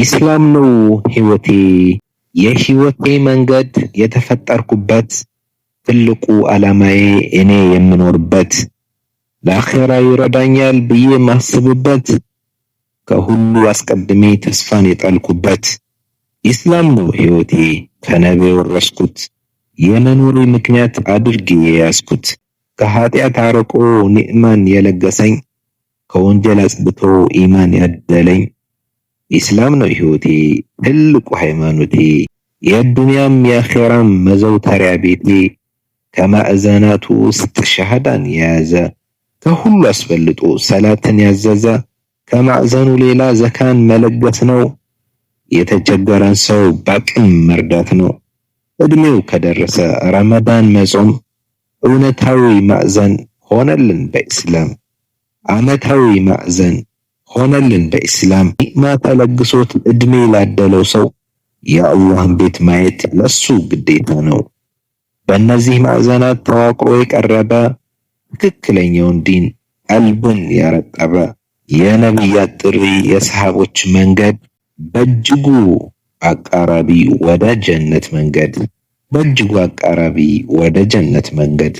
ኢስላም ነው ህይወቴ፣ የህይወቴ መንገድ፣ የተፈጠርኩበት ትልቁ አላማዬ እኔ የምኖርበት ለአኼራ ይረዳኛል ብዬ ማስብበት፣ ከሁሉ አስቀድሜ ተስፋን የጣልኩበት ኢስላም ነው ህይወቴ፣ ከነቢ የወረስኩት የመኖሬ ምክንያት አድርጌ የያዝኩት ከኃጢአት አርቆ ኒዕማን የለገሰኝ ከወንጀል አጽብቶ ኢማን ያደለኝ ኢስላም ነው ህይወቴ፣ ትልቁ ሃይማኖቴ፣ የዱንያም የአኼራም መዘውተሪያ ቤቴ። ከማዕዘናቱ ውስጥ ሸሃዳን የያዘ ከሁሉ አስበልጦ ሰላትን ያዘዘ ከማዕዘኑ ሌላ ዘካን መለገስ ነው። የተቸገረን ሰው በአቅም መርዳት ነው። እድሜው ከደረሰ ረመዳን መጾም እውነታዊ ማዕዘን ሆነልን በኢስላም አመታዊ ማዕዘን ሆነልን በኢስላም ማታ ለግሶት እድሜ ላደለው ሰው የአላህን ቤት ማየት ለሱ ግዴታ ነው። በእነዚህ ማዕዘናት ተዋቅሮ የቀረበ ትክክለኛውን ዲን ቀልብን ያረጠበ የነቢያት ጥሪ፣ የሰሃቦች መንገድ በእጅጉ አቃራቢ ወደ ጀነት መንገድ በእጅጉ አቃራቢ ወደ ጀነት መንገድ